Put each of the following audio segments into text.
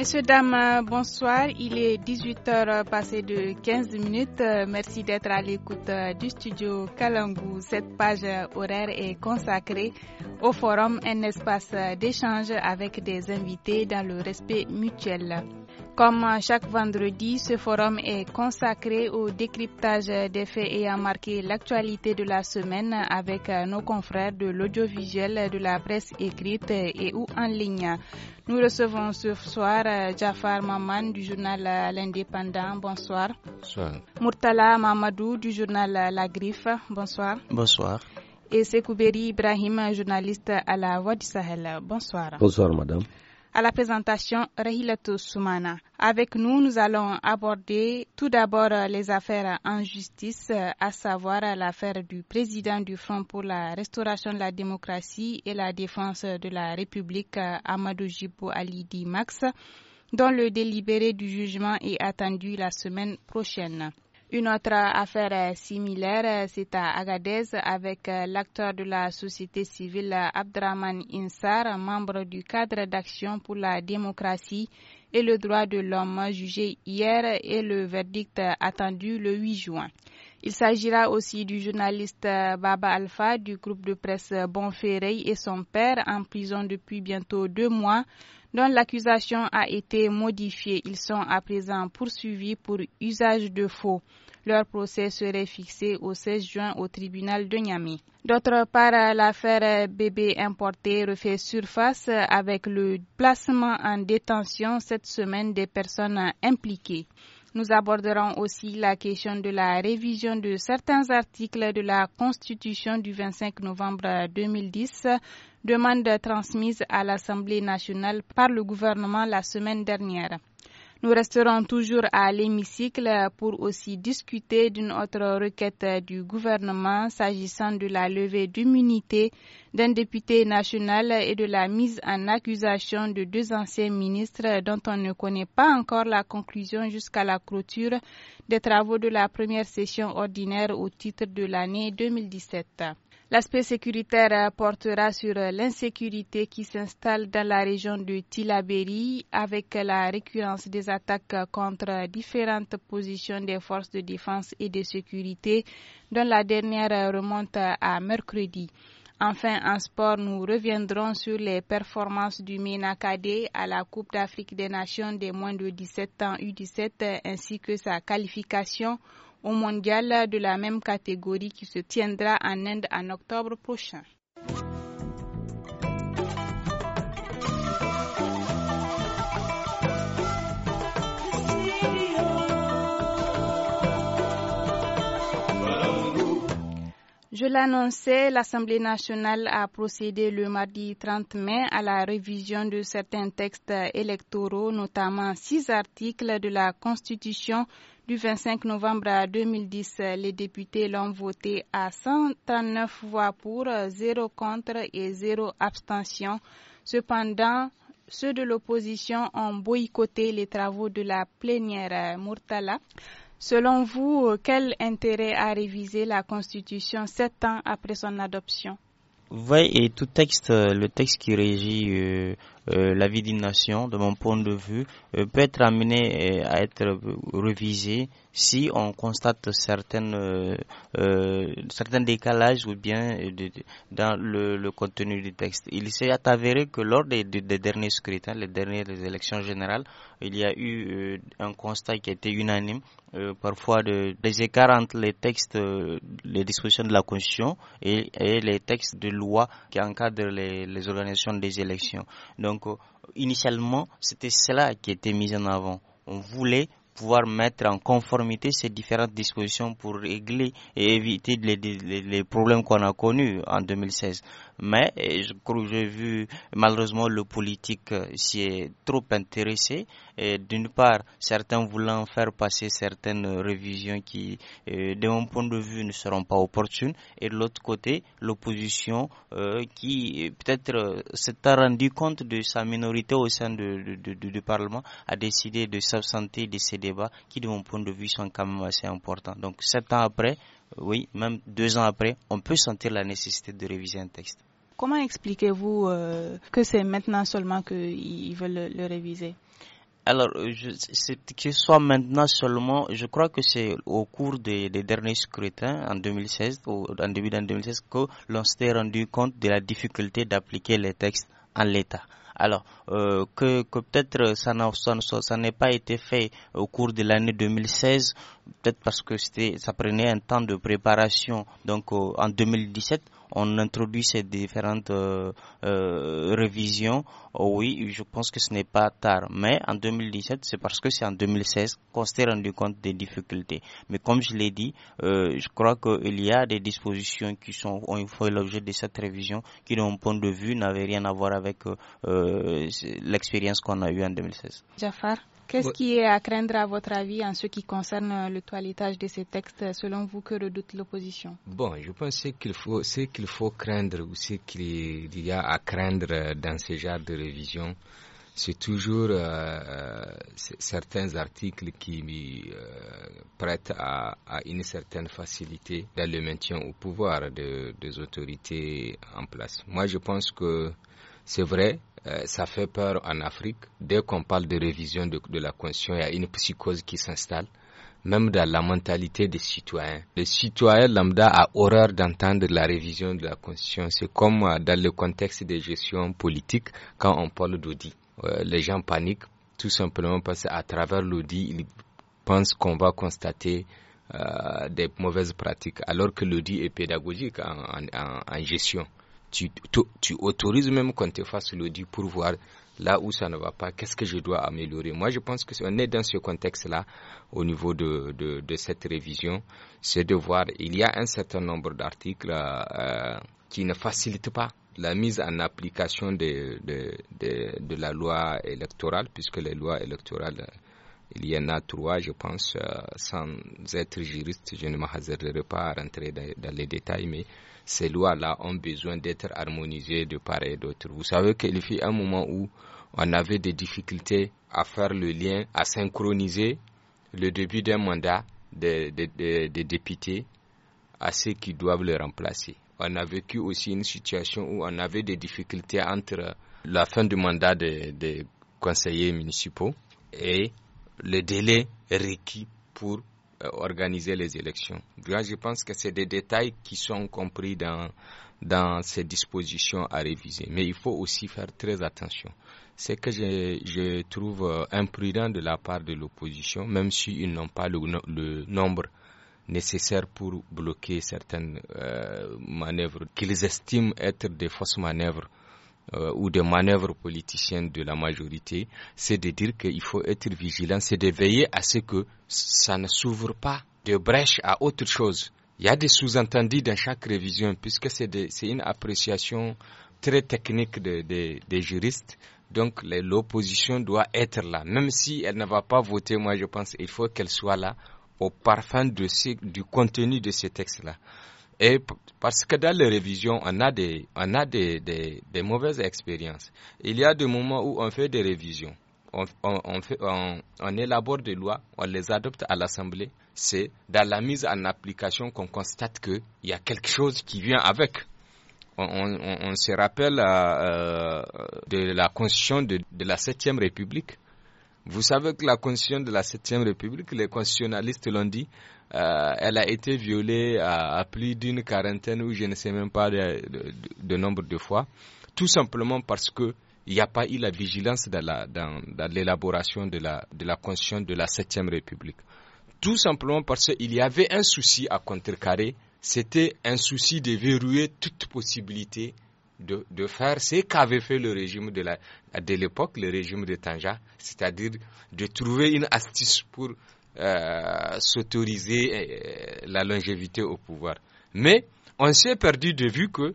Messieurs, dames, euh, bonsoir. Il est 18 heures euh, passé de 15 minutes. Euh, merci d'être à l'écoute du studio Kalangu. Cette page horaire est consacrée au forum, un espace d'échange avec des invités dans le respect mutuel. Comme chaque vendredi, ce forum est consacré au décryptage des faits et ayant marqué l'actualité de la semaine avec euh, nos confrères de l'audiovisuel, de la presse écrite et ou en ligne. Nous recevons ce soir euh, Jafar Maman du journal euh, L'Indépendant. Bonsoir. Bonsoir. Murtala Mamadou du journal La Griffe. Bonsoir. Bonsoir. Et Sekouberi Ibrahim, journaliste à la Voix du Sahel. Bonsoir. Bonsoir, madame à la présentation Rahilato Soumana. Avec nous, nous allons aborder tout d'abord euh, les affaires en justice, euh, à savoir euh, l'affaire du président du Front pour la restauration de la démocratie et la défense de la République, Amadou Jibou Ali Max, dont le délibéré du jugement est attendu la semaine prochaine. Une autre affaire similaire, c'est à Agadez avec euh, l'acteur de la société civile Abdraman Insar, membre du cadre d'action pour la démocratie et le droit de l'homme jugé hier et le verdict attendu le 8 juin. Il s'agira aussi du journaliste euh, Baba Alpha du groupe de presse Bonferrey et son père en prison depuis bientôt deux mois dont l'accusation a été modifiée. Ils sont à présent poursuivis pour usage de faux. Leur procès serait fixé au 16 juin au tribunal de Niamey. D'autre part, l'affaire bébé importé refait surface avec le placement en détention cette semaine des personnes impliquées. Nous aborderons aussi la question de la révision de certains articles de la Constitution du 25 novembre 2010, demande transmise à l'Assemblée nationale par le gouvernement la semaine dernière. Nous resterons toujours à l'hémicycle pour aussi discuter d'une autre requête du gouvernement s'agissant de la levée d'immunité d'un député national et de la mise en accusation de deux anciens ministres dont on ne connaît pas encore la conclusion jusqu'à la clôture des travaux de la première session ordinaire au titre de l'année 2017. L'aspect sécuritaire portera sur l'insécurité qui s'installe dans la région de Tilaberi avec la récurrence des attaques contre différentes positions des forces de défense et de sécurité dont la dernière remonte à mercredi. Enfin, en sport, nous reviendrons sur les performances du MENA à la Coupe d'Afrique des Nations des moins de 17 ans U17 ainsi que sa qualification au mondial de la même catégorie qui se tiendra en Inde en octobre prochain. Je l'annonçais, l'Assemblée nationale a procédé le mardi 30 mai à la révision de certains textes électoraux, notamment six articles de la Constitution du 25 novembre 2010. Les députés l'ont voté à 139 voix pour, 0 contre et 0 abstention. Cependant, ceux de l'opposition ont boycotté les travaux de la plénière Murtala. Selon vous, quel intérêt a révisé la Constitution sept ans après son adoption Oui, et tout texte, le texte qui régit euh, euh, la vie d'une nation, de mon point de vue, euh, peut être amenée euh, à être révisée si on constate certaines, certains décalages ou bien dans le, contenu du texte. Il s'est avéré que lors des, derniers scrutins, les dernières élections générales, il y a eu un constat qui était unanime parfois de, des écarts entre les textes, les dispositions de la Constitution et, les textes de loi qui encadrent les, organisations des élections. Donc, euh, initialement, c'était cela qui était mis en avant. On voulait pouvoir mettre en conformité ces différentes dispositions pour régler et éviter les, problèmes qu'on a connus en 2016 mais euh, je crois que j'ai vu malheureusement le politique euh, s'y est trop intéressé. D'une part, certains voulant faire passer certaines révisions qui, euh, de mon point de vue, ne seront pas opportunes, et de l'autre côté, l'opposition qui peut-être s'est rendu compte de sa minorité au sein du Parlement a décidé de s'absenter de ces débats qui, de mon point de vue, sont quand même assez importants. Donc, sept ans après, oui, même deux ans après, on peut sentir la nécessité de réviser un texte. Comment expliquez-vous euh, que c'est maintenant seulement qu'ils veulent le, réviser alors, euh, que ce soit maintenant seulement, je crois que c'est au cours des, derniers scrutins en 2016, ou en début d'année 2016, que l'on s'est rendu compte de la difficulté d'appliquer les textes en l'état. Alors, euh, que, peut-être ça n'a pas été fait au cours de l'année 2016, peut-être parce que ça prenait un temps de préparation. Donc, en 2017, on introduit ces différentes euh, euh, révisions, oh oui, je pense que ce n'est pas tard. Mais en 2017, c'est parce que c'est en 2016 qu'on s'est rendu compte des difficultés. Mais comme je l'ai dit, euh, je crois qu'il y a des dispositions qui sont, ont fait l'objet de cette révision qui, d'un point de vue, n'avaient rien à voir avec l'expérience qu'on a eue en 2016. Jafar Qu'est-ce qui est à craindre, à votre avis, en ce qui concerne le toilettage de ces textes, selon vous, que redoute l'opposition Bon, je pense qu'il faut, ce qu'il faut craindre ou ce qu'il y a à craindre dans ce genre de révision, c'est toujours euh, certains articles qui euh, prêtent à, à, une certaine facilité dans le maintien au pouvoir de, des autorités en place. Moi, je pense que c'est vrai, euh, ça fait peur en Afrique. Dès qu'on parle de révision de, la Constitution, il y a une psychose qui s'installe, même dans la mentalité des citoyens. Les citoyens lambda a horreur d'entendre la révision de la Constitution. C'est comme euh, dans le contexte des gestion politiques, quand on parle d'audit. Euh, les gens paniquent tout simplement parce qu'à travers l'audit, ils pensent qu'on va constater des mauvaises pratiques, alors que l'audit est pédagogique en gestion tu, tu, autorises même qu'on te fasse l'audit pour voir là où ça ne va pas, qu'est-ce que je dois améliorer. Moi, je pense que on est dans ce contexte-là, au niveau de, de, cette révision, c'est de voir, il y a un certain nombre d'articles euh, euh, qui ne facilitent pas la mise en application de, de, la loi électorale, puisque les lois électorales, il y en a trois, je pense, euh, sans être juriste, je ne me pas à rentrer dans les détails, mais ces lois-là ont besoin d'être harmonisées de part et d'autre. Vous savez qu'il y eu un moment où on avait des difficultés à faire le lien, à synchroniser le début d'un mandat des, députés à ceux qui doivent le remplacer. On a vécu aussi une situation où on avait des difficultés entre la fin du mandat des conseillers municipaux et le délai requis pour euh, organiser les élections. je pense que c'est des détails qui sont compris dans, ces dispositions à réviser. Mais il faut aussi faire très attention. C'est que je, trouve euh, imprudent de la part de l'opposition, même s'ils n'ont pas le, nombre nécessaire pour bloquer certaines euh, manœuvres qu'ils estiment être des fausses manœuvres euh, ou des manœuvres politiciennes de la majorité, c'est de dire qu'il faut être vigilant, c'est de veiller à ce que ça ne s'ouvre pas de brèche à autre chose. Il y a des sous-entendus dans chaque révision, puisque c'est une appréciation très technique des juristes. Donc l'opposition doit être là. Même si elle ne va pas voter, moi je pense qu'il faut qu'elle soit là au parfum de ce, du contenu de ces textes-là. Et parce que dans les révisions, on a des, on a des, des, des mauvaises expériences. Il y a des moments où on fait des révisions. On, on, on, élabore des lois, on les adopte à l'Assemblée, c'est dans la mise en application qu'on constate qu'il y a quelque chose qui vient avec. On, se rappelle euh, euh, de la Constitution de, de la 7 République. Vous savez que la Constitution de la 7 République, les constitutionnalistes l'ont dit, euh, elle a été violée à, plus d'une quarantaine ou je ne sais même pas de, nombre de fois, tout simplement parce que il n'y a pas eu la vigilance dans l'élaboration de la, de la Constitution de la 7 République. Tout simplement parce qu'il y avait un souci à contrecarrer, c'était un souci de verrouiller toute possibilité de, de faire ce qu'avait fait le régime de l'époque, de le régime de Tanja, c'est-à-dire de trouver une astuce pour euh, s'autoriser euh, la longévité au pouvoir. Mais on s'est perdu de vue que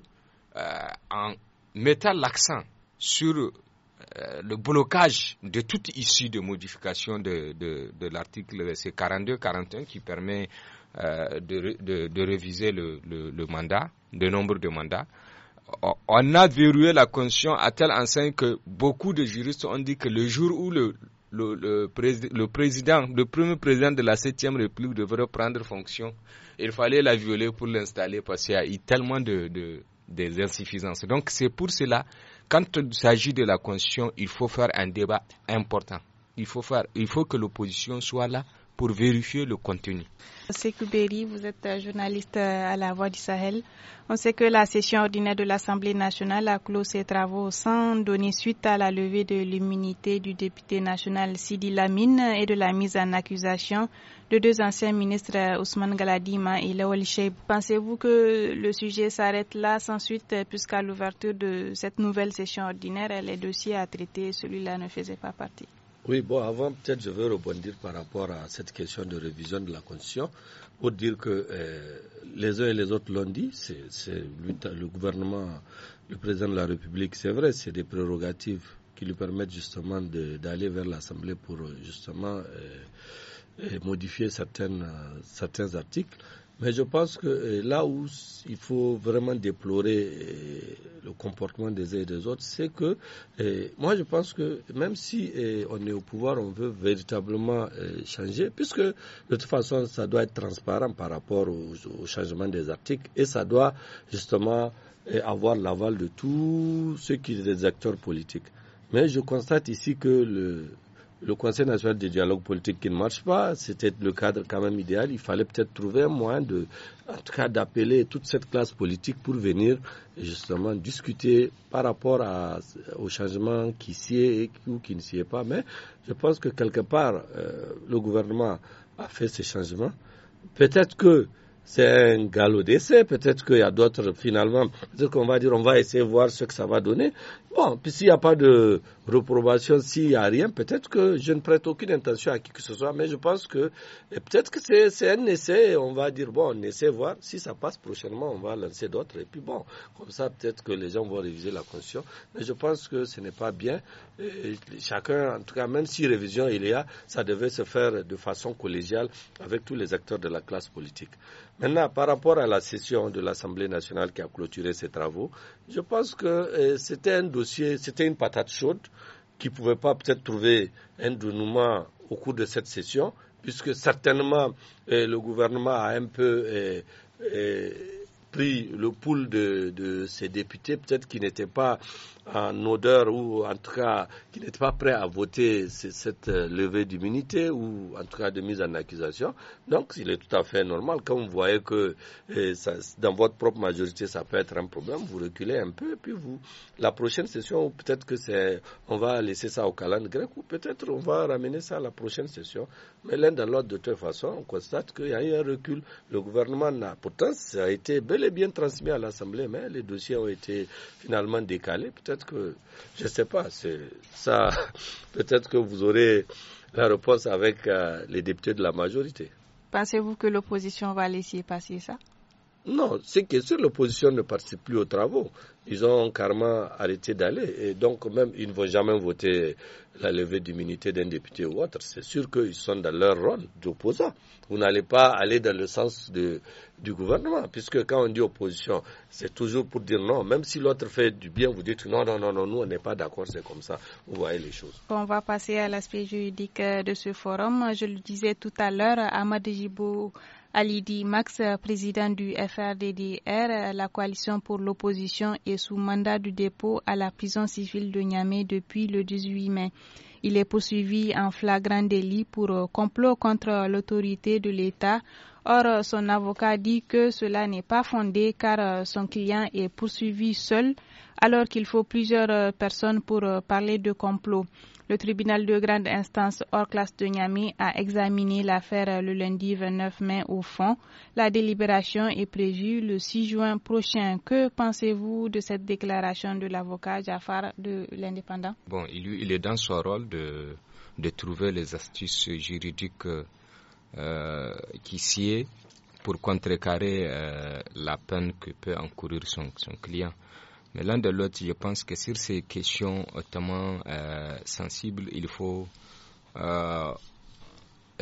euh, en mettant l'accent sur euh, le blocage de toute issue de modification de, de, de l'article 42-41 qui permet euh, de, de, de, réviser le, le, le, mandat, le nombre de mandats. On a verrouillé la conscience à tel enseigne que beaucoup de juristes ont dit que le jour où le, le, le, le, président, le premier président de la 7e République devrait prendre fonction. Il fallait la violer pour l'installer parce qu'il y a tellement de, de des insuffisances. Donc c'est pour cela, quand il s'agit de la Constitution, il faut faire un débat important. Il faut, faire, il faut que l'opposition soit là pour vérifier le contenu. vous êtes euh, journaliste euh, à la Voix du Sahel. On sait que la session ordinaire de l'Assemblée nationale a clos ses travaux sans donner suite à la levée de l'immunité du député national Sidi Lamine et de la mise en accusation de deux anciens ministres euh, Ousmane Galadima et Lawal Sheib. Pensez-vous que le sujet s'arrête là sans suite puisqu'à l'ouverture de cette nouvelle session ordinaire, les dossiers à traiter, celui-là ne faisait pas partie oui, bon, avant, peut-être je veux rebondir par rapport à cette question de révision de la Constitution pour dire que euh, les uns et les autres l'ont dit, c'est le gouvernement, le président de la République, c'est vrai, c'est des prérogatives qui lui permettent justement d'aller vers l'Assemblée pour justement euh, euh, modifier certains articles. Mais je pense que euh, là où il faut vraiment déplorer euh, le comportement des uns et des autres, c'est que euh, moi je pense que même si on est au pouvoir, on veut véritablement changer, puisque de toute façon ça doit être transparent par rapport au, changement des articles et ça doit justement avoir l'aval de tous ceux qui sont des acteurs politiques. Mais je constate ici que le, le Conseil national des dialogues politique qui ne marche pas, c'était le cadre quand même idéal. Il fallait peut-être trouver un moyen de, en tout cas, d'appeler toute cette classe politique pour venir justement discuter par rapport à, au changement qui s'y et qui, ou qui ne s'y est pas. Mais je pense que quelque part, euh, le gouvernement a fait ces changements. Peut-être que c'est un galop d'essai. Peut-être qu'il y a d'autres, finalement, peut-être qu'on va dire, on va essayer de voir ce que ça va donner. Bon, puis s'il n'y a pas de reprobation, s'il n'y a rien, peut-être que je ne prête aucune intention à qui que ce soit, mais je pense que peut-être que c'est un essai. On va dire, bon, on essaie voir. Si ça passe prochainement, on va lancer d'autres. Et puis bon, comme ça, peut-être que les gens vont réviser la Constitution. Mais je pense que ce n'est pas bien. chacun, en tout cas, même si révision il y a, ça devait se faire de façon collégiale avec tous les acteurs de la classe politique. Maintenant, par rapport à la session de l'Assemblée nationale qui a clôturé ses travaux, je pense que euh, c'était un dossier, c'était une patate chaude qui ne pouvait pas peut-être trouver un dénouement au cours de cette session, puisque certainement euh, le gouvernement a un peu... Euh, le pouls de, ces députés, peut-être qu'ils n'étaient pas en odeur ou en tout cas qui n'étaient pas prêts à voter cette euh, levée d'immunité ou en tout cas de mise en accusation. Donc il est tout à fait normal quand vous voyez que eh, dans votre propre majorité ça peut être un problème, vous reculez un peu et puis vous la prochaine session peut-être que c'est on va laisser ça au calendrier grec ou peut-être on va ramener ça à la prochaine session. Mais l'un dans l'autre de toute façon on constate qu'il y a eu un recul. Le gouvernement n'a pourtant ça a été bel bien transmis à l'Assemblée, mais les dossiers ont été finalement décalés. Peut-être que, je ne sais pas, ça, peut-être que vous aurez la réponse avec euh, les députés de la majorité. Pensez-vous que l'opposition va laisser passer ça non, c'est que si l'opposition ne participe plus aux travaux. Ils ont carrément arrêté d'aller. Et donc, même, ils ne vont jamais voter la levée d'immunité d'un député ou autre. C'est sûr qu'ils sont dans leur rôle d'opposants. Vous n'allez pas aller dans le sens de, du gouvernement, puisque quand on dit opposition, c'est toujours pour dire non. Même si l'autre fait du bien, vous dites non, non, non, non, nous, on n'est pas d'accord, c'est comme ça. Vous voyez les choses. On va passer à l'aspect juridique euh, de ce forum. Je le disais tout à l'heure, Ahmad Djibou Alidi Max, président du FRDDR, la coalition pour l'opposition est sous mandat du dépôt à la prison civile de Niamey depuis le 18 mai. Il est poursuivi en flagrant délit pour euh, complot contre l'autorité de l'État. Or, son avocat dit que cela n'est pas fondé car euh, son client est poursuivi seul alors qu'il faut plusieurs euh, personnes pour parler de complot. Le tribunal de grande instance hors classe de Niamey a examiné l'affaire le lundi 29 mai au fond. La délibération est prévue le 6 juin prochain. Que pensez-vous de cette déclaration de l'avocat Jafar de l'Indépendant Bon, il, est dans son rôle de, trouver les astuces juridiques euh, qui s'y pour contrecarrer euh, la peine que peut encourir son client. Mais l'un de l'autre, je pense que sur ces questions hautement euh, sensibles, il faut euh,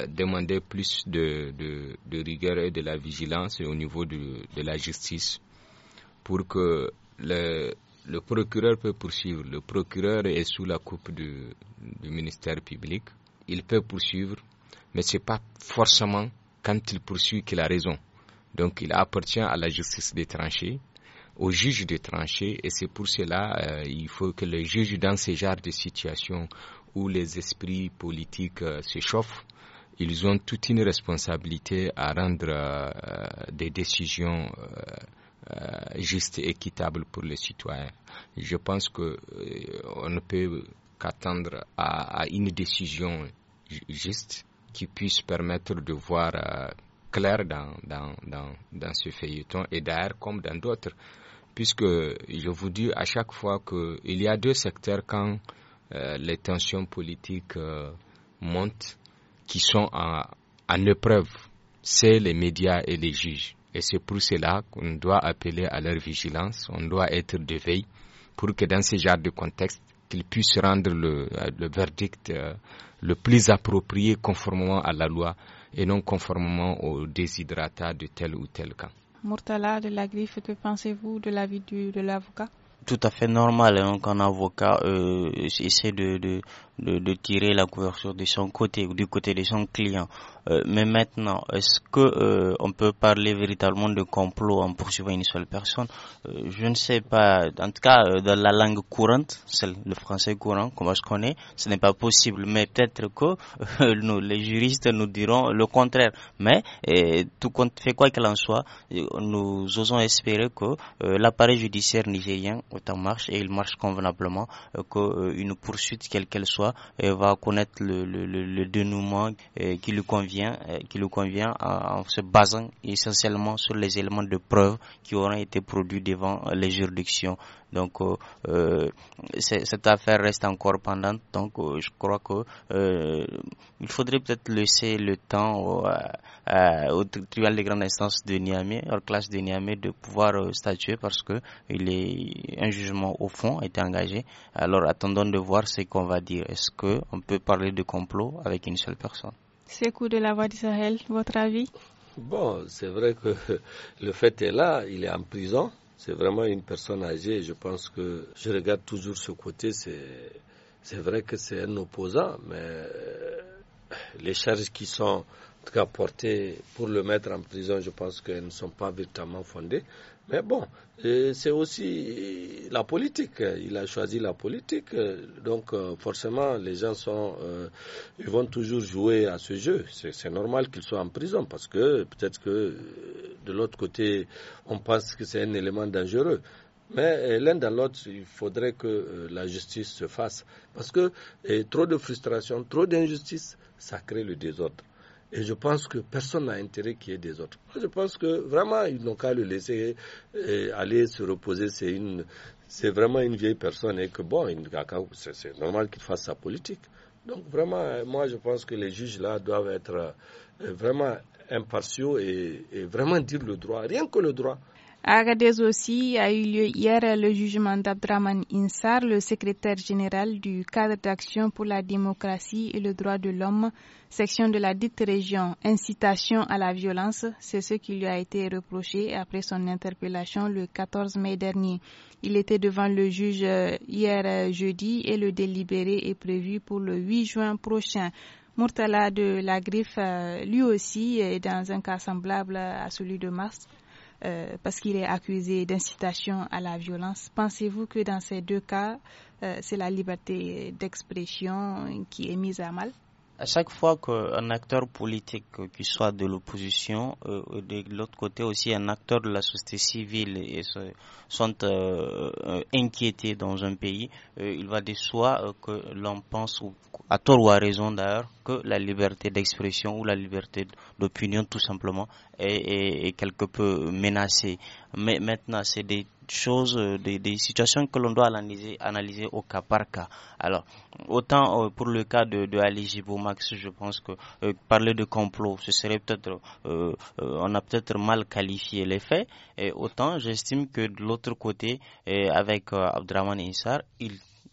demander plus de, de, rigueur et de la vigilance au niveau de, de la justice pour que le, le, procureur peut poursuivre. Le procureur est sous la coupe du, du ministère public. Il peut poursuivre, mais ce n'est pas forcément quand il poursuit qu'il a raison. Donc il appartient à la justice des tranchées au juge de trancher et c'est pour cela qu'il euh, il faut que le juge dans ce genre de situation où les esprits politiques euh, s'échauffent, ils ont toute une responsabilité à rendre euh, des décisions justes et équitables pour les citoyens. Je pense que on ne peut qu'attendre à, une décision juste qui puisse permettre de voir clair dans, dans, dans, dans ce feuilleton et d'ailleurs comme dans d'autres puisque je vous dis à chaque fois qu'il y a deux secteurs quand euh, les tensions politiques euh, montent qui sont en, épreuve, c'est les médias et les juges. Et c'est pour cela qu'on doit appeler à leur vigilance, on doit être de veille pour que dans ce genre de contexte, qu'ils puissent rendre le, euh, verdict le plus approprié conformément à la loi et non conformément au déshydratat de tel ou tel camp. Murtala de la Griffe, que pensez-vous de la vie du de l'avocat tout à fait normal hein, qu'un avocat euh, essaie de, de, de, tirer la couverture de son côté ou du côté de son client. Euh, mais maintenant, est-ce que euh, on peut parler véritablement de complot en poursuivant une seule personne euh, Je ne sais pas. En tout cas, dans la langue courante, celle le français courant, comme je connais, ce n'est pas possible. Mais peut-être que les juristes, nous diront le contraire. Mais tout compte fait quoi qu'il en soit, nous osons espérer que l'appareil judiciaire nigérien est en marche et il marche convenablement, une poursuite quelle qu'elle soit et va connaître le, le dénouement euh, qui lui convient, euh, qui lui convient en se basant essentiellement sur les éléments de preuve qui auront été produits devant euh, les juridictions donc euh, euh, cette affaire reste encore pendante. Donc euh, je crois que il faudrait peut-être laisser le temps au, tribunal de grande instance de Niamey, au classe de Niamey, de pouvoir statuer parce que il est un jugement au fond a été engagé. Alors attendons de voir ce qu'on va dire. Est-ce que peut parler de complot avec une seule personne? C'est coup de la voix d'Israël, votre avis Bon, c'est vrai que le fait est là, il est en prison, c'est vraiment une personne âgée. Je pense que je regarde toujours ce côté. C'est vrai que c'est un opposant, mais les charges qui sont en tout cas portées pour le mettre en prison, je pense qu'elles ne sont pas véritablement fondées. Mais bon, c'est aussi la politique. Il a choisi la politique. Donc, euh, forcément, les gens sont, euh, ils vont toujours jouer à ce jeu. C'est normal qu'ils soient en prison parce que peut-être que euh, de l'autre côté, on pense que c'est un élément dangereux. Mais l'un dans l'autre, il faudrait que la justice se fasse. Parce que trop de frustration, trop d'injustice, ça crée le désordre. Et je pense que personne n'a intérêt qu'il y ait des autres. Je pense que vraiment, ils n'ont qu'à le laisser euh, aller se reposer. C'est une, c'est vraiment une vieille personne et que bon, c'est normal qu'il fasse sa politique. Donc vraiment, euh, moi je pense que les juges là doivent être euh, vraiment impartiaux et vraiment dire le droit, rien que le droit. À Agadez aussi a eu lieu hier le jugement d'Abdraman Insar, le secrétaire général du cadre d'action pour la démocratie et le droit de l'homme, section de la dite région. Incitation à la violence, c'est ce qui lui a été reproché après son interpellation le 14 mai dernier. Il était devant le juge euh, hier euh, jeudi et le délibéré est prévu pour le 8 juin prochain. Murtala de la Griffe, euh, lui aussi, est dans un cas semblable à celui de mars euh, parce qu'il est accusé d'incitation à la violence. Pensez-vous que dans ces deux cas, euh, c'est la liberté d'expression qui est mise à mal à chaque fois qu'un acteur politique, qui soit de l'opposition, euh, de l'autre côté aussi un acteur de la société civile, et se, sont euh, euh, inquiétés dans un pays, il va de soi que l'on pense, à tort ou à raison d'ailleurs, que la liberté d'expression ou la liberté d'opinion tout simplement est, est, quelque peu menacée. Mais maintenant, c'est des choses, euh, des, situations que l'on doit analyser, analyser au cas par cas. Alors, autant euh, pour le cas de, de je pense que euh, parler de complot, ce serait peut-être, on a peut-être mal qualifié les faits, et autant j'estime que de l'autre côté, avec Abdraman Insar,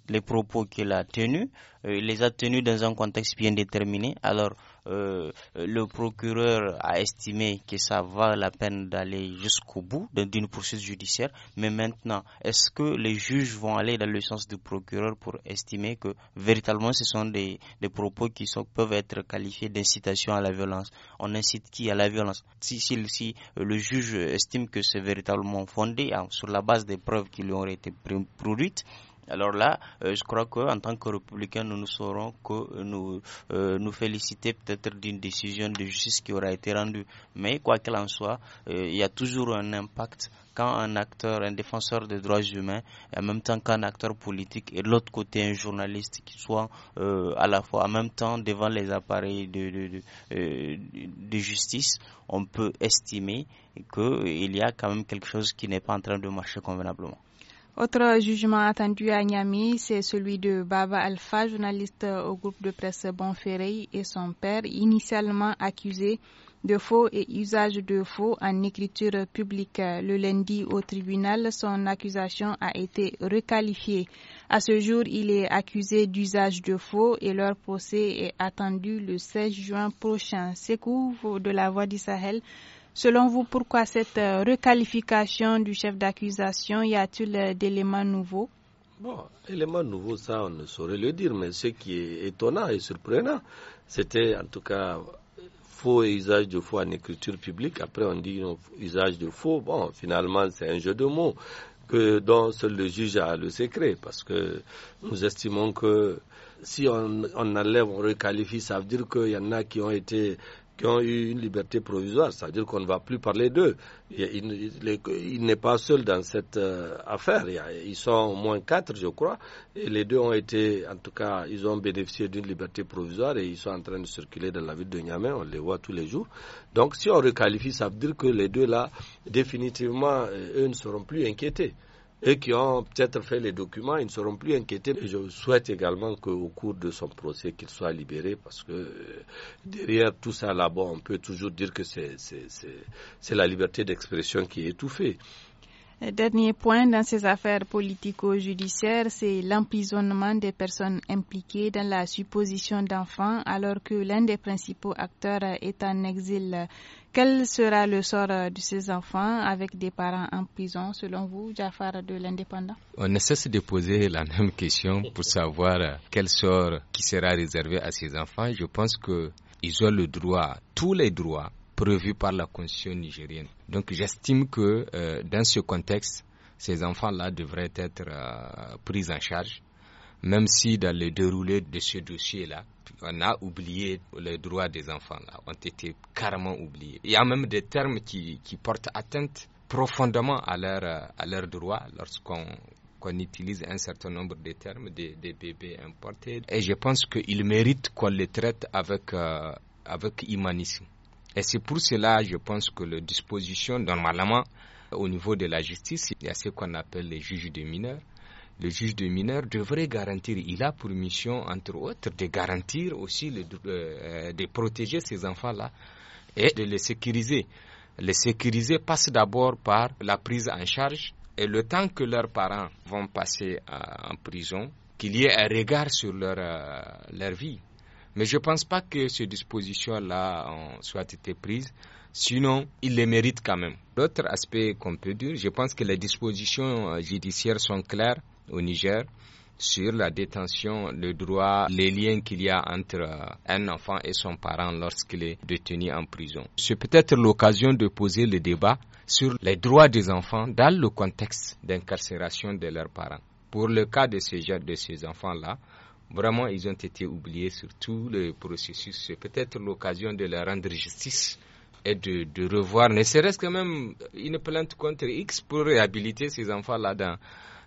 les propos qu'il a tenus, il les a tenus dans un contexte bien déterminé. Alors, euh, le procureur a estimé que ça va la peine d'aller jusqu'au bout d'une procédure judiciaire. Mais maintenant, est-ce que les juges vont aller dans le sens du procureur pour estimer que véritablement ce sont des, propos qui peuvent être qualifiés d'incitation à la violence On incite qui à la violence si, euh, le juge estime que c'est véritablement fondé hein, sur la base des preuves qui lui auraient été produites, alors là, euh, je crois qu'en tant que républicains, nous ne saurons que euh, nous, euh, nous féliciter peut-être d'une décision de justice qui aura été rendue. Mais quoi qu'il en soit, il y a toujours un impact quand un acteur, un défenseur des droits humains, en même temps qu'un acteur politique, et de l'autre côté un journaliste qui soit à la fois en même temps devant les appareils de justice, on peut estimer qu'il y a quand même quelque chose qui n'est pas en train de marcher convenablement. Autre jugement attendu à Niamey, c'est celui de Baba Alpha, journaliste au groupe de presse Bonferré et son père, initialement accusé de faux et usage de faux en écriture publique. Le lundi au tribunal, son accusation a été requalifiée. À ce jour, il est accusé d'usage de faux et leur procès est attendu le 16 juin prochain. Secours de la Voix du Selon vous, pourquoi cette euh, requalification du chef d'accusation Y a-t-il euh, d'éléments nouveaux Bon, éléments nouveaux, ça, on ne saurait le dire, mais ce qui est étonnant et surprenant, c'était en tout cas faux usage de faux en écriture publique. Après, on dit usage de faux. Bon, finalement, c'est un jeu de mots que, dont seul le juge a le secret, parce que nous estimons que si on, on enlève, on requalifie, ça veut dire qu'il y en a qui ont été qui ont eu une liberté provisoire, c'est-à-dire qu'on ne va plus parler d'eux. Il, n'est pas seul dans cette euh, affaire. Ils sont au moins quatre, je crois, et les deux ont été, en tout cas, ils ont bénéficié d'une liberté provisoire et ils sont en train de circuler dans la ville de Niamey. On les voit tous les jours. Donc, si on requalifie, ça veut dire que les deux là, définitivement, euh, eux ne seront plus inquiétés et qui ont peut-être fait les documents, ils ne seront plus inquiétés. Et je souhaite également qu'au cours de son procès, qu'il soit libéré parce que euh, derrière tout ça là-bas, on peut toujours dire que c'est la liberté d'expression qui est étouffée. Euh, dernier point dans ces affaires politico-judiciaires, c'est l'emprisonnement des personnes impliquées dans la supposition d'enfants alors que l'un des principaux acteurs est en exil. Quel sera le sort euh, de ces enfants avec des parents en prison, selon vous, Jafar de l'Indépendant On cesse de poser la même question pour savoir euh, quel sort qui sera réservé à ces enfants. Je pense qu'ils ont le droit, tous les droits, prévue par la Constitution nigérienne. Donc j'estime que euh, dans ce contexte, ces enfants-là devraient être euh, pris en charge, même si dans le déroulé de ce dossier-là, on a oublié les droits des enfants-là, ont été carrément oubliés. Il y a même des termes qui, portent atteinte profondément à leurs à droits lorsqu'on utilise un certain nombre de termes des, bébés importés. Et je pense qu'ils méritent qu'on les traite avec, euh, avec humanisme. Et c'est pour cela, je pense que les dispositions, normalement, au niveau de la justice, il y a ce qu'on appelle les juges de mineurs. Le juge de mineurs devrait garantir, il a pour mission, entre autres, de garantir aussi, euh, de protéger ces enfants-là et de les sécuriser. Les sécuriser passe d'abord par la prise en charge et le temps que leurs parents vont passer euh, en prison, qu'il y ait un regard sur leur, euh, leur vie. Mais je ne pense pas que ces dispositions-là euh, soient été prises. Sinon, il les mérite quand même. L'autre aspect qu'on peut dire, je pense que les dispositions euh, judiciaires sont claires au Niger sur la détention, le droit, les liens qu'il y a entre euh, un enfant et son parent lorsqu'il est détenu en prison. C'est peut-être l'occasion de poser le débat sur les droits des enfants dans le contexte d'incarcération de leurs parents. Pour le cas de ces, de ces enfants-là, Vraiment, ils ont été oubliés sur tout le processus. C'est peut-être l'occasion de leur rendre justice et de, revoir, ne serait-ce que même une plainte contre X pour réhabiliter ces enfants-là dans,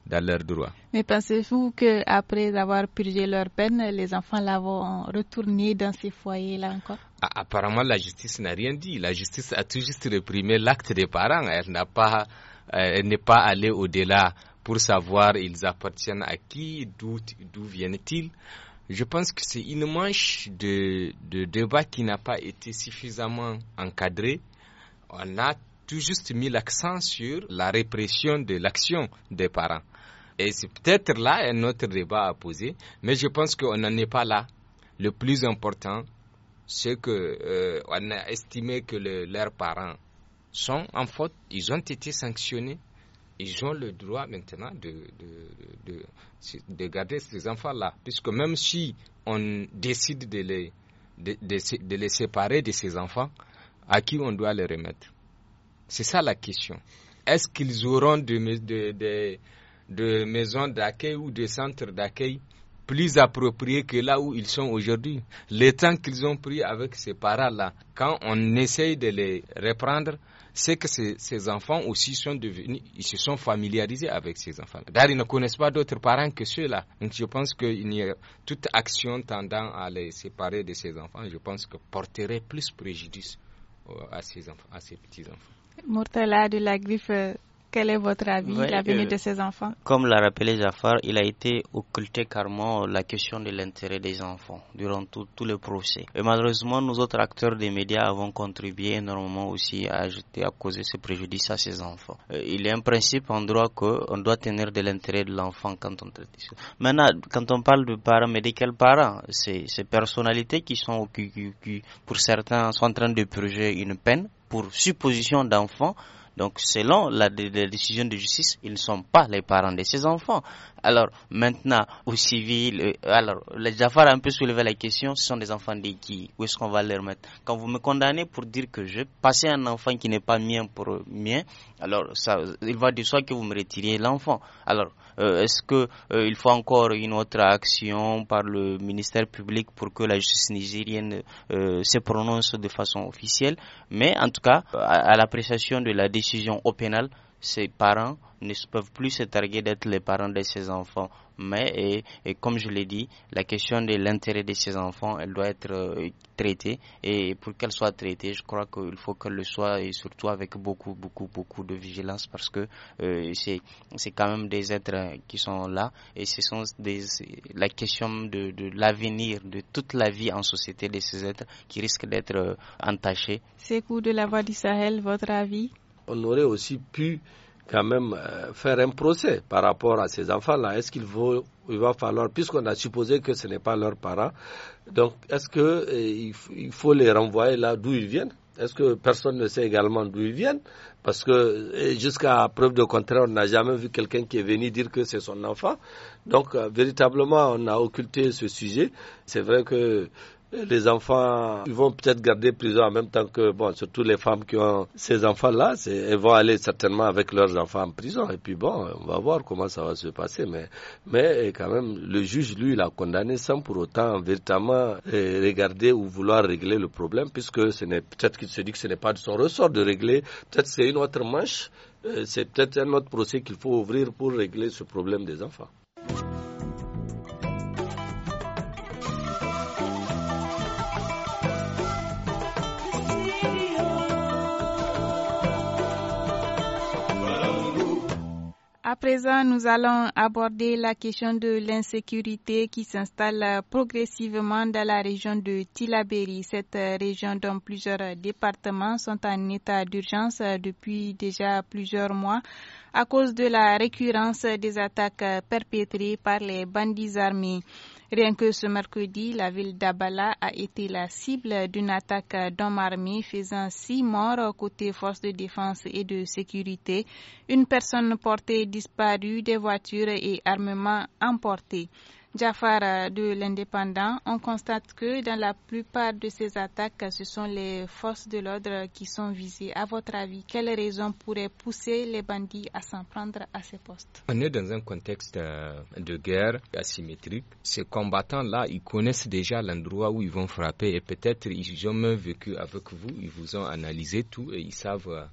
dans leurs droits. Mais pensez-vous qu'après avoir purgé leur peine, les enfants-là vont retourner dans ces foyers-là encore ah, Apparemment, la justice n'a rien dit. La justice a tout juste réprimé l'acte des parents. Elle n'a pas, euh, elle n'est pas allée au-delà pour savoir ils appartiennent à qui, d'où viennent-ils. Je pense que c'est une manche de, débat qui n'a pas été suffisamment encadrée. On a tout juste mis l'accent sur la répression de l'action des parents. Et c'est peut-être là un autre débat à poser, mais je pense qu'on n'en est pas là. Le plus important, c'est qu'on euh, on a estimé que leurs parents sont en faute, ils ont été sanctionnés, ils ont le droit maintenant de, de, de, garder ces enfants-là. Puisque même si on décide de les, de, les séparer de ces enfants, à qui on doit les remettre C'est ça la question. Est-ce qu'ils auront des de maisons d'accueil ou des centres d'accueil plus approprié que là où ils sont aujourd'hui. Le temps qu'ils ont pris avec ces parents-là, quand on essaye de les reprendre, c'est que ces, enfants aussi sont devenus, ils se sont familiarisés avec ces enfants. D'ailleurs, ils ne connaissent pas d'autres parents que ceux-là. Donc, je pense qu'il y a toute action tendant à les séparer de ces enfants, je pense que porterait plus préjudice euh, à ces enfants, à ces petits enfants. Mortala de la griffe euh, quel est votre avis, ouais, l'avenir euh, de ces enfants Comme l'a rappelé Jafar, il a été occulté carrément la question de l'intérêt des enfants durant tout, le procès. Et malheureusement, nous autres acteurs des médias avons contribué énormément aussi à ajouter, à causer ce préjudice à ces enfants. Euh, il y a un principe en droit qu'on doit tenir de l'intérêt de l'enfant quand on traite Maintenant, quand on parle de parents, mais de quels parents ces, ces personnalités qui sont, pour certains, sont en train de purger une peine pour supposition d'enfants donc selon la, décision de justice, ils ne sont pas les parents de ces enfants. Alors maintenant, au civil, euh, alors les Jafar ont un peu soulevé la question, ce sont des enfants de qui Où est-ce qu'on va les remettre Quand vous me condamnez pour dire que je passais un enfant qui n'est pas mien pour mien, alors ça, il va de soi que vous me retirez l'enfant. Alors euh, est-ce qu'il euh, faut encore une autre action par le ministère public pour que la justice nigérienne se prononce de façon officielle Mais en tout cas, à l'appréciation de la décision au pénal, ses parents ne peuvent plus se targuer d'être les parents de ses enfants. Mais, et, comme je l'ai dit, la question de l'intérêt de ses enfants, elle doit être euh, traitée. Et pour qu'elle soit traitée, je crois qu'il faut qu'elle le soit, et surtout avec beaucoup, beaucoup, beaucoup de vigilance, parce que euh, c'est, quand même des êtres euh, qui sont là, et ce sont des, la question de, l'avenir, de toute la vie en société de ces êtres qui risquent d'être entachés. C'est coup de la voix du Sahel, votre avis on aurait aussi pu quand même euh, faire un procès par rapport à ces enfants-là. Est-ce qu'il va falloir, puisqu'on a supposé que ce n'est pas leurs parents, donc est-ce qu'il euh, il faut les renvoyer là d'où ils viennent Est-ce que personne ne sait également d'où ils viennent Parce que euh, jusqu'à preuve de contraire, on n'a jamais vu quelqu'un qui est venu dire que c'est son enfant. Donc véritablement, on a occulté ce sujet. C'est vrai que les enfants, ils vont peut-être garder prison en même temps que, bon, surtout les femmes qui ont ces enfants-là, elles vont aller certainement avec leurs enfants en prison. Et puis bon, on va voir comment ça va se passer. Mais, mais quand même, le juge, lui, l'a condamné sans pour autant véritablement eh, regarder ou vouloir régler le problème, puisque ce n'est peut-être qu'il se dit que ce n'est pas de son ressort de régler. Peut-être c'est une autre manche, euh, c'est peut-être un autre procès qu'il faut ouvrir pour régler ce problème des enfants. À présent, nous allons aborder la question de l'insécurité qui s'installe progressivement dans la région de Tilaberi. Cette région dont plusieurs départements sont en état d'urgence depuis déjà plusieurs mois à cause de la récurrence des attaques perpétrées par les bandits armés. Rien que ce mercredi, la ville d'Abala a été la cible d'une attaque d'hommes armés faisant six morts côté forces de défense et de sécurité, une personne portée disparue, des voitures et armements emportés. Jafar euh, de l'Indépendant, on constate que dans la plupart de ces attaques, ce sont les forces de l'ordre qui sont visées. À votre avis, quelles raisons pourraient pousser les bandits à s'en prendre à ces postes On est dans un contexte euh, de guerre asymétrique. Ces combattants-là, ils connaissent déjà l'endroit où ils vont frapper et peut-être ils ont même vécu avec vous, ils vous ont analysé tout et ils savent euh,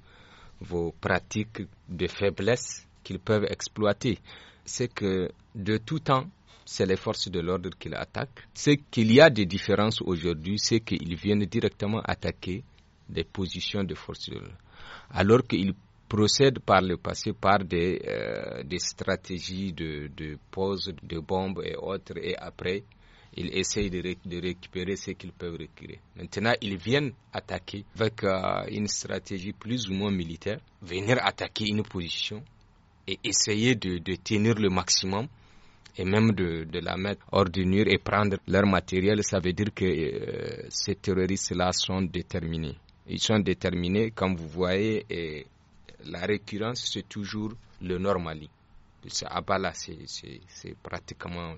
vos pratiques de faiblesse qu'ils peuvent exploiter. C'est que de tout temps, c'est les forces de l'ordre qui l'attaquent. Ce qu'il y a de différence aujourd'hui, c'est qu'ils viennent directement attaquer des positions de forces de l'ordre. Alors qu'ils procèdent par le passé par des, euh, des stratégies de, de pose de bombes et autres, et après, ils essayent de, de récupérer ce qu'ils peuvent récupérer. Maintenant, ils viennent attaquer avec euh, une stratégie plus ou moins militaire, venir attaquer une position et essayer de, de tenir le maximum et même de, la mettre hors du mur et prendre leur matériel, ça veut dire que euh, ces terroristes-là sont déterminés. Ils sont déterminés, comme vous voyez, et la récurrence, c'est toujours le nord Mali. Ce Abala, c'est pratiquement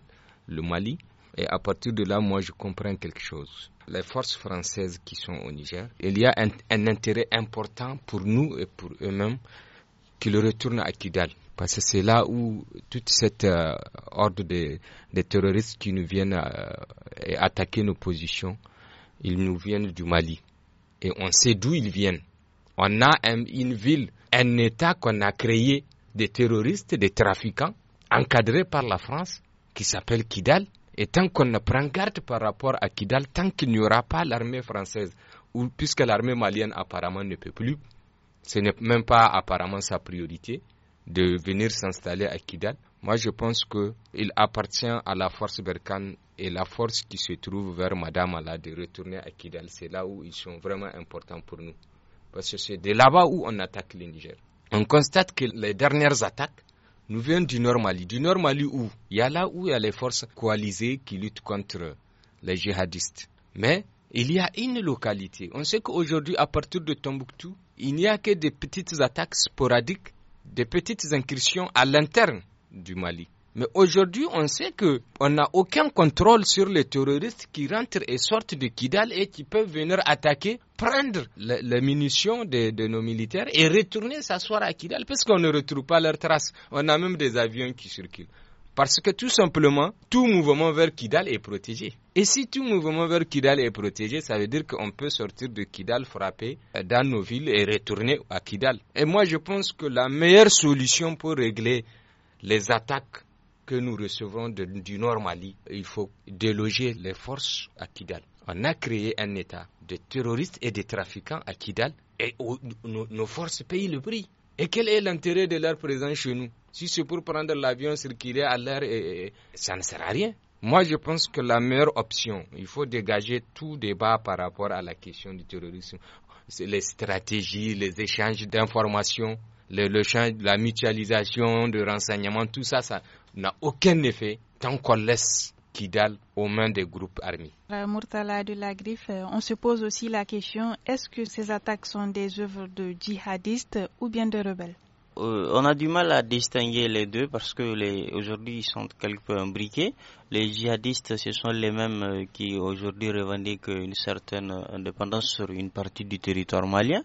le Mali. Et à partir de là, moi, je comprends quelque chose. Les forces françaises qui sont au Niger, il y a un, un intérêt important pour nous et pour eux-mêmes qu'ils retournent à Kidal. Parce que c'est là où toute cette euh, horde ordre des de terroristes qui nous viennent euh, attaquer nos positions, ils nous viennent du Mali. Et on sait d'où ils viennent. On a une ville, un État qu'on a créé des terroristes, des trafiquants, encadrés par la France, qui s'appelle Kidal. Et tant qu'on ne prend garde par rapport à Kidal, tant qu'il n'y aura pas l'armée française, ou puisque l'armée malienne apparemment ne peut plus, ce n'est même pas apparemment sa priorité, de venir s'installer à Kidal. Moi, je pense qu'il appartient à la force Berkane et la force qui se trouve vers Madame Allah de retourner à Kidal. C'est là où ils sont vraiment importants pour nous. Parce que c'est de là-bas où on attaque le Niger. On constate que les dernières attaques nous viennent du Nord Mali. Du Nord Mali où Il y a là où il y a les forces coalisées qui luttent contre les djihadistes. Mais il y a une localité. On sait qu'aujourd'hui, à partir de Tombouctou, il n'y a que des petites attaques sporadiques des petites incursions à l'interne du Mali. Mais aujourd'hui, on sait qu'on n'a aucun contrôle sur les terroristes qui rentrent et sortent de Kidal et qui peuvent venir attaquer, prendre les munitions de, de, nos militaires et retourner s'asseoir à Kidal parce qu'on ne retrouve pas leurs traces. On a même des avions qui circulent. Parce que tout simplement, tout mouvement vers Kidal est protégé. Et si tout mouvement vers Kidal est protégé, ça veut dire qu'on peut sortir de Kidal, frapper euh, dans nos villes et retourner à Kidal. Et moi, je pense que la meilleure solution pour régler les attaques que nous recevons du Nord Mali, il faut déloger les forces à Kidal. On a créé un État de terroristes et de trafiquants à Kidal et nos forces payent le prix. Et quel est l'intérêt de leur présence chez nous Si c'est pour prendre l'avion, circuler à l'air, ça ne sert à rien. Moi, je pense que la meilleure option, il faut dégager tout débat par rapport à la question du terrorisme. les stratégies, les échanges d'informations, le, la mutualisation de renseignements, tout ça, ça n'a aucun effet tant qu'on laisse Kidal aux mains des groupes armés. Euh, Murtala de la Griffe, euh, on se pose aussi la question est-ce que ces attaques sont des œuvres de djihadistes ou bien de rebelles euh, on a du mal à distinguer les deux parce que aujourd'hui ils sont quelque peu imbriqués. Les djihadistes, ce sont les mêmes qui aujourd'hui revendiquent une certaine indépendance sur une partie du territoire malien.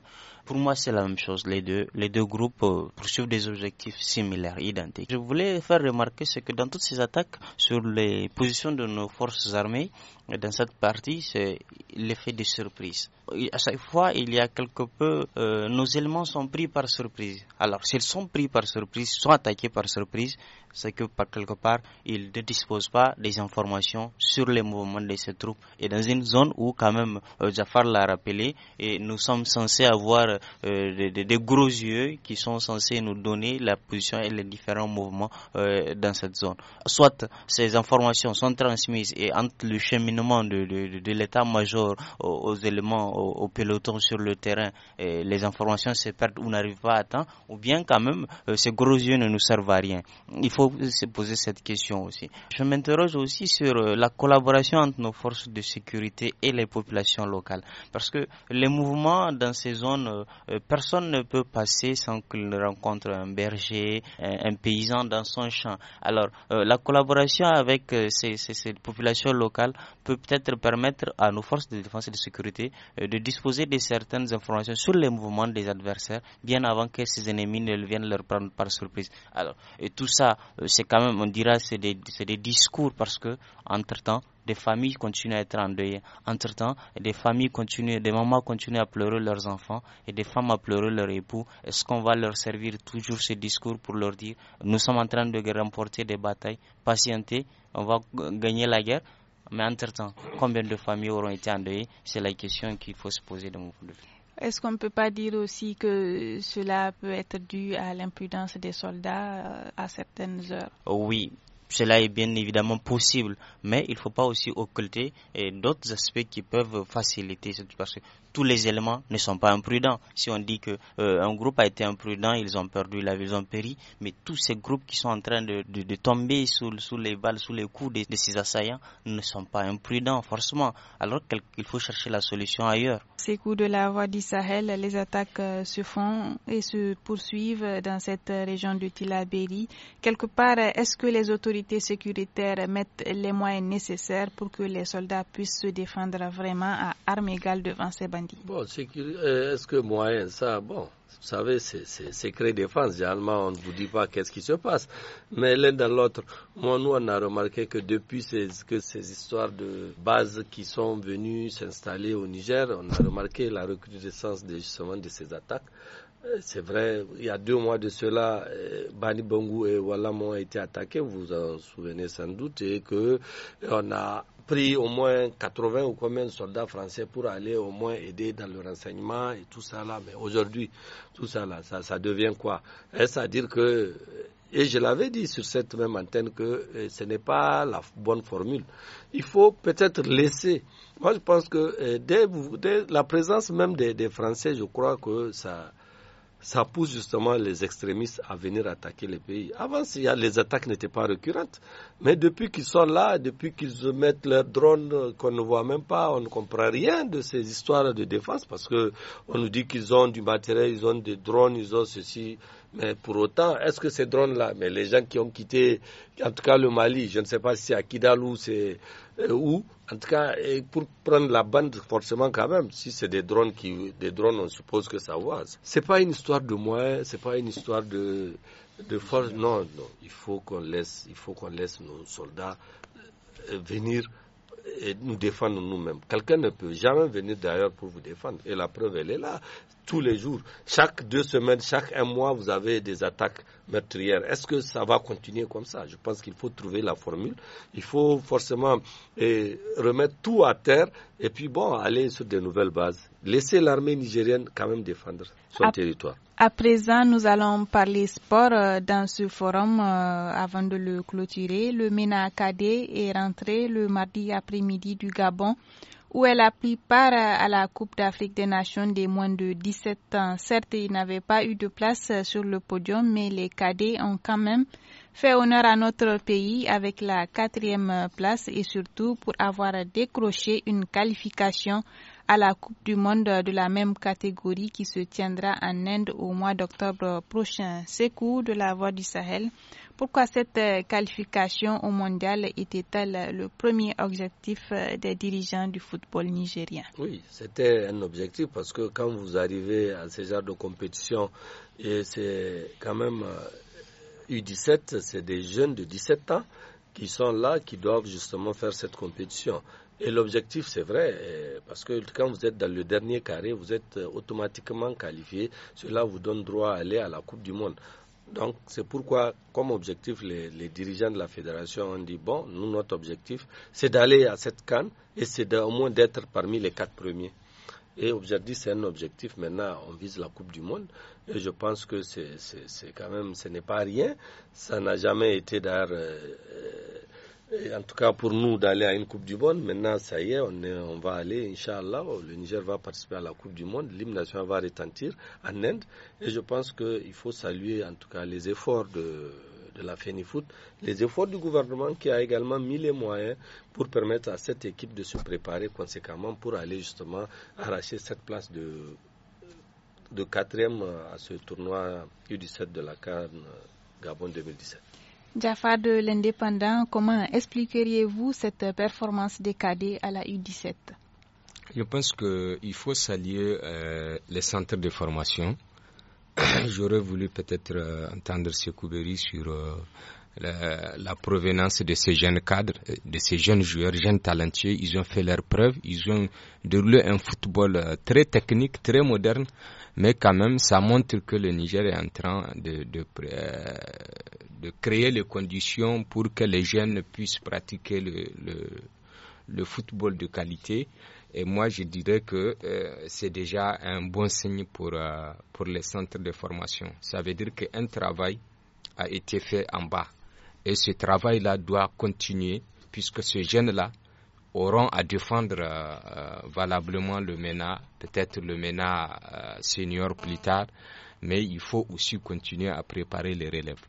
Pour moi, c'est la même chose. Les deux, les deux groupes euh, poursuivent des objectifs similaires, identiques. Je voulais faire remarquer ce que dans toutes ces attaques sur les positions de nos forces armées, dans cette partie, c'est l'effet de surprise à chaque fois, il y a quelque peu, euh, nos éléments sont pris par surprise. Alors, s'ils sont pris par surprise, sont attaqués par surprise, c'est que par quelque part, ils ne disposent pas des informations sur les mouvements de ces troupes. Et dans une zone où, quand même, euh, Jafar l'a rappelé, et nous sommes censés avoir euh, des, gros yeux qui sont censés nous donner la position et les différents mouvements dans cette zone. Soit ces informations sont transmises et entre le cheminement de, l'état-major aux éléments au, peloton sur le terrain, et les informations se perdent ou n'arrivent pas à temps, ou bien quand même euh, ces gros yeux ne nous servent à rien. Il faut se poser cette question aussi. Je m'interroge aussi sur euh, la collaboration entre nos forces de sécurité et les populations locales, parce que les mouvements dans ces zones, euh, personne ne peut passer sans qu'il rencontre un berger, un, paysan dans son champ. Alors la collaboration avec ces, ces populations locales peut peut-être permettre à nos forces de défense et de sécurité de disposer de certaines informations sur les mouvements des adversaires bien avant que ces ennemis ne viennent leur prendre par surprise. Alors, et tout ça, euh, c'est quand même, on dira, c'est des, des, discours parce que, entre-temps, des familles continuent à être endeuillées. Entre-temps, des familles continuent, des mamans continuent à pleurer leurs enfants et des femmes à pleurer leurs époux. Est-ce qu'on va leur servir toujours ces discours pour leur dire, nous sommes en train de remporter des batailles, patientez, on va gagner la guerre mais entre-temps, combien de familles auront été endeuillées C'est la question qu'il faut se poser de mon point Est-ce qu'on ne peut pas dire aussi que cela peut être dû à l'impudence des soldats euh, à certaines heures euh, Oui, cela est bien évidemment possible, mais il ne faut pas aussi occulter euh, d'autres aspects qui peuvent faciliter, cette situation tous les éléments ne sont pas imprudents. Si on dit que euh, un groupe a été imprudent, ils ont perdu la vie, ils ont péri, mais tous ces groupes qui sont en train de, tomber sous, les balles, sous les coups de, ces assaillants, ne sont pas imprudents forcément. Alors qu'il faut chercher la solution ailleurs. Ces coups de la voie du les attaques euh, se font et se poursuivent dans cette région du Tilaberi. Quelque part, est-ce que les autorités sécuritaires mettent les moyens nécessaires pour que les soldats puissent se défendre vraiment à armes égales devant ces batailles Bon, euh, est-ce que moyen, ça, bon, vous savez, c'est secret défense. Généralement, on ne vous dit pas qu'est-ce qui se passe. Mais l'un dans l'autre, moi, nous, on a remarqué que depuis ces, que ces histoires de bases qui sont venues s'installer au Niger, on a remarqué la recrudescence de, justement de ces attaques. Euh, c'est vrai, il y a deux mois de cela, euh, Bani Bongo et Wallam ont été attaqués, vous vous en souvenez sans doute, et que on a pris au moins 80 ou combien de soldats français pour aller au moins aider dans le renseignement et tout ça là. Mais aujourd'hui, tout ça là, ça, devient quoi est à dire que et je l'avais dit sur cette même antenne que euh, ce n'est pas la bonne formule. Il faut peut-être laisser. Moi, je pense que euh, dès, la présence même des, Français, je crois que ça, ça pousse justement les extrémistes à venir attaquer les pays. Avant, les attaques n'étaient pas récurrentes, mais depuis qu'ils sont là, depuis qu'ils mettent leurs drones qu'on ne voit même pas, on ne comprend rien de ces histoires de défense parce que on nous dit qu'ils ont du matériel, ils ont des drones, ils ont ceci. Mais pour autant, est-ce que ces drones-là, mais les gens qui ont quitté, en tout cas le Mali, je ne sais pas si c'est à Kidal ou c'est euh, où, en tout cas, pour prendre la bande, forcément quand même, si c'est des drones qui, des drones, on suppose que ça voit. C'est pas une histoire de moyens, c'est pas une histoire de, force. Non, non. Il faut qu'on laisse, il faut qu'on laisse nos soldats euh, venir et nous défendre nous-mêmes. Quelqu'un ne peut jamais venir d'ailleurs pour vous défendre. Et la preuve, elle est là tous les jours. Chaque deux semaines, chaque un mois, vous avez des attaques meurtrières. Est-ce que ça va continuer comme ça Je pense qu'il faut trouver la formule. Il faut forcément eh, remettre tout à terre et puis, bon, aller sur de nouvelles bases. Laisser l'armée nigérienne quand même défendre son territoire. À présent, nous allons parler sport euh, dans ce forum euh, avant de le clôturer. Le MENA est rentré le mardi après-midi du Gabon où elle a pris part à la Coupe d'Afrique des Nations des moins de 17 ans. Certes, il n'avait pas eu de place euh, sur le podium, mais les cadets ont quand même fait honneur à notre pays avec la quatrième euh, place et surtout pour avoir décroché une qualification à la Coupe du Monde de la même catégorie qui se tiendra en Inde au mois d'octobre prochain. Secours de la Voix du Sahel pourquoi cette euh, qualification au mondial était-elle le premier objectif euh, des dirigeants du football nigérien Oui, c'était un objectif parce que quand vous arrivez à ce genre de compétition, et c'est quand même U17, euh, c'est des jeunes de 17 ans qui sont là, qui doivent justement faire cette compétition. Et l'objectif, c'est vrai, parce que quand vous êtes dans le dernier carré, vous êtes automatiquement qualifié. Cela vous donne droit à aller à la Coupe du Monde. Donc c'est pourquoi, comme objectif, les, dirigeants de la fédération ont dit, bon, nous, notre objectif, c'est d'aller à cette canne et c'est au moins d'être parmi les quatre premiers. Et aujourd'hui, c'est un objectif. Maintenant, on vise la Coupe du Monde. Et je pense que c'est quand même, ce n'est pas rien. Ça n'a jamais été d'art en tout cas, pour nous, d'aller à une Coupe du Monde, maintenant, ça y est, on, est, on va aller, Inch'Allah, oh, le Niger va participer à la Coupe du Monde, l'hymne va retentir en Inde. Et je pense qu'il faut saluer, en tout cas, les efforts de, de la FENIFOOT, les efforts du gouvernement qui a également mis les moyens pour permettre à cette équipe de se préparer conséquemment pour aller justement arracher cette place de, de quatrième à ce tournoi U17 de la Cannes Gabon 2017. Jaffa de l'Indépendant, comment expliqueriez-vous cette performance décadée à la U17 Je pense qu'il faut saluer euh, les centres de formation. J'aurais voulu peut-être euh, entendre entendre Sekouberi sur euh, la, provenance de ces jeunes cadres, de ces jeunes joueurs, jeunes talentueux. Ils ont fait leur preuve, ils ont déroulé un football très technique, très moderne, mais quand même, ça montre que le Niger est en train de, de créer les conditions pour que les jeunes puissent pratiquer le, le, football de qualité. Et moi, je dirais que euh, c'est déjà un bon signe pour, euh, pour les centres de formation. Ça veut dire qu'un travail a été fait en bas. Et ce travail-là doit continuer puisque ces jeunes-là auront à défendre euh, valablement le MENA, peut-être le MENA senior plus tard, mais il faut aussi continuer à préparer les relèves.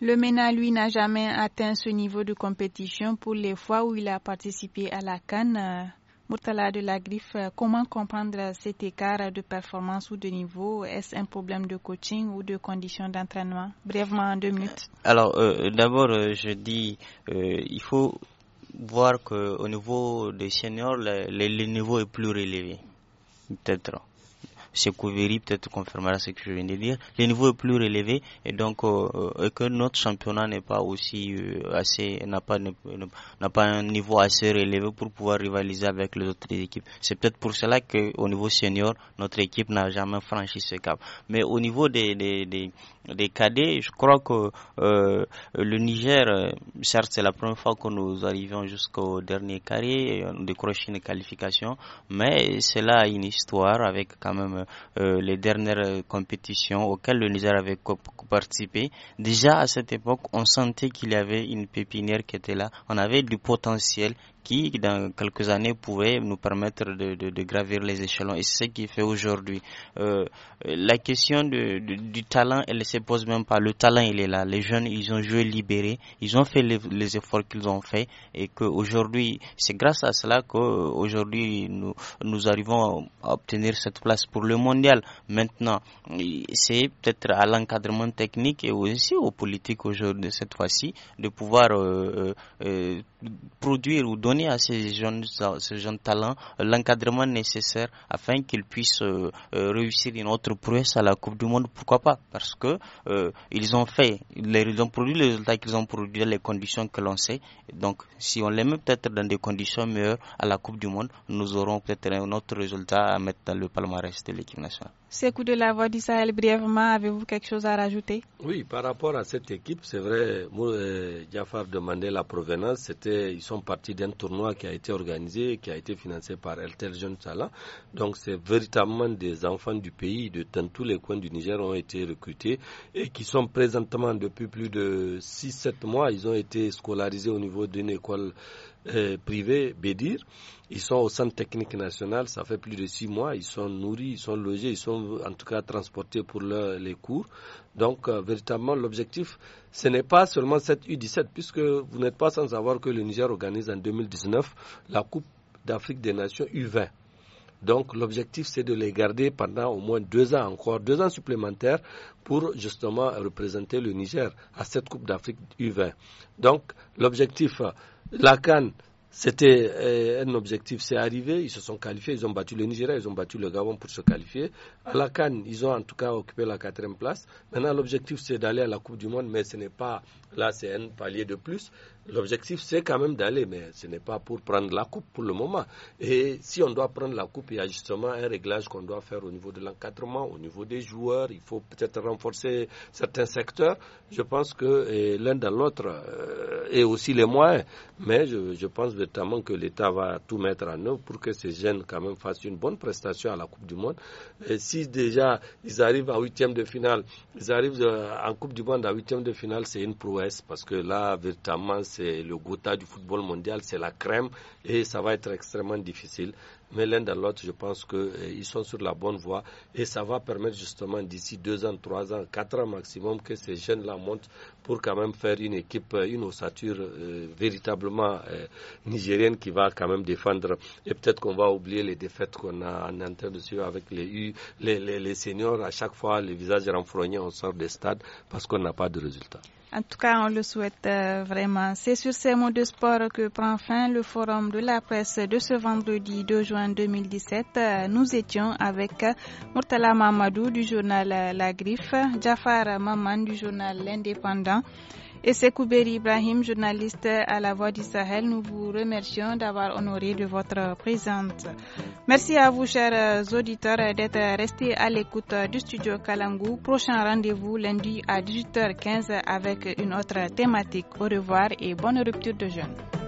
Le MENA, lui, n'a jamais atteint ce niveau de compétition pour les fois où il a participé à la Cannes. Murtala de la Griffe, comment comprendre cet écart de performance ou de niveau Est-ce un problème de coaching ou de conditions d'entraînement Brièvement, deux minutes. Alors, euh, d'abord, euh, je dis, euh, il faut voir qu'au niveau des seniors, le, niveau est plus relevé. Peut-être. Kouveri, peut-être confirmera ce que je viens de dire. Le niveau est plus relevé et donc euh, euh, que notre championnat n'est pas aussi euh, assez n'a pas n'a pas un niveau assez relevé pour pouvoir rivaliser avec les autres équipes. C'est peut-être pour cela que niveau senior notre équipe n'a jamais franchi ce cap. Mais au niveau des, des cadets. Je crois que euh, le Niger, euh, certes, c'est la première fois que nous arrivons jusqu'au dernier carré et on une qualification, mais cela a une histoire avec quand même euh, les dernières compétitions auxquelles le Niger avait participé. Déjà à cette époque, on sentait qu'il y avait une pépinière qui était là. On avait du potentiel qui, dans quelques années, pouvait nous permettre de, gravir les échelons. Et c'est ce qui fait aujourd'hui. Euh, la question du talent, elle ne se pose même pas. Le talent, il est là. Les jeunes, ils ont joué libéré, ils ont fait les, efforts qu'ils ont fait, et qu'aujourd'hui, c'est grâce à cela qu'aujourd'hui euh, nous, nous arrivons à obtenir cette place pour le mondial. Maintenant, c'est peut-être à l'encadrement technique et aussi aux politiques aujourd'hui cette fois-ci de pouvoir euh, produire ou donner à ces jeunes, jeunes talents euh, l'encadrement nécessaire afin qu'ils puissent euh, euh, réussir une autre prouesse à la Coupe du Monde. Pourquoi pas Parce que ils ont fait, ils ont produit les résultats qu'ils ont produits, les conditions que l'on sait. Donc, si on les met peut-être dans des conditions meilleures à la Coupe du Monde, nous aurons peut-être un autre résultat à mettre dans le palmarès de l'équipe nationale. C'est coup de la Voix d'Israël, brièvement, avez-vous quelque chose à rajouter Oui, par rapport à cette équipe, c'est vrai, euh, Jafar demandait la provenance. C'était, ils sont partis d'un tournoi qui a été organisé, qui a été financé par RTL Jeune Salah. Donc, c'est véritablement des enfants du pays, de tous les coins du Niger ont été recrutés et qui sont présentement depuis plus de 6-7 mois, ils ont été scolarisés au niveau d'une école euh, privé privés, Bédir. Ils sont au centre technique national, ça fait plus de six mois. Ils sont nourris, ils sont logés, ils sont en tout cas transportés pour les cours. Donc, euh, véritablement, l'objectif, ce n'est pas seulement cette U17, puisque vous n'êtes pas sans savoir que le Niger organise en 2019 la Coupe d'Afrique des Nations U20. Donc l'objectif, c'est de les garder pendant au moins deux ans encore, deux ans supplémentaires pour justement représenter le Niger à cette Coupe d'Afrique U20. Donc l'objectif, la Cannes, c'était euh, un objectif, c'est arrivé, ils se sont qualifiés, ils ont battu le Nigeria, ils ont battu le Gabon pour se qualifier. À la Cannes, ils ont en tout cas occupé la quatrième place. Maintenant, l'objectif, c'est d'aller à la Coupe du Monde, mais ce n'est pas Là, c'est un palier de plus. L'objectif, c'est quand même d'aller, mais ce n'est pas pour prendre la coupe pour le moment. Et si on doit prendre la coupe, il y a justement un réglage qu'on doit faire au niveau de l'encadrement, au niveau des joueurs. Il faut peut-être renforcer certains secteurs. Je pense que l'un dans l'autre, est euh, et aussi les moyens. Mais je, pense notamment que l'État va tout mettre en œuvre pour que ces jeunes, quand même, fassent une bonne prestation à la Coupe du Monde. Et si déjà ils arrivent à huitième de finale, ils arrivent euh, en Coupe du Monde à huitième de finale, c'est une prouesse parce que là, véritablement, c'est le gotha du football mondial, c'est la crème et ça va être extrêmement difficile. Mais l'un dans l'autre, je pense qu'ils eh, sont sur la bonne voie et ça va permettre justement d'ici deux ans, trois ans, quatre ans maximum que ces jeunes-là montent pour quand même faire une équipe, euh, une ossature euh, véritablement euh, nigérienne qui va quand même défendre. Et peut-être qu'on va oublier les défaites qu'on a en interne dessus avec les seniors. À chaque fois, les visages renfroignés, on sort des stades parce qu'on n'a pas de résultats. En tout cas, on le souhaite euh, vraiment. C'est sur ces mots de sport que prend fin le forum de la presse de ce vendredi 2 juin 2017. Euh, nous étions avec Murtala Mamadou du journal La Griffe, Jafar Maman du journal L'Indépendant. Et c'est Kouberi Ibrahim, journaliste à La Voix du Sahel. Nous vous remercions d'avoir honoré de votre présence. Merci à vous, chers auditeurs, d'être restés à l'écoute du studio Kalangou. Prochain rendez-vous lundi à 18h15 avec une autre thématique. Au revoir et bonne rupture de jeûne.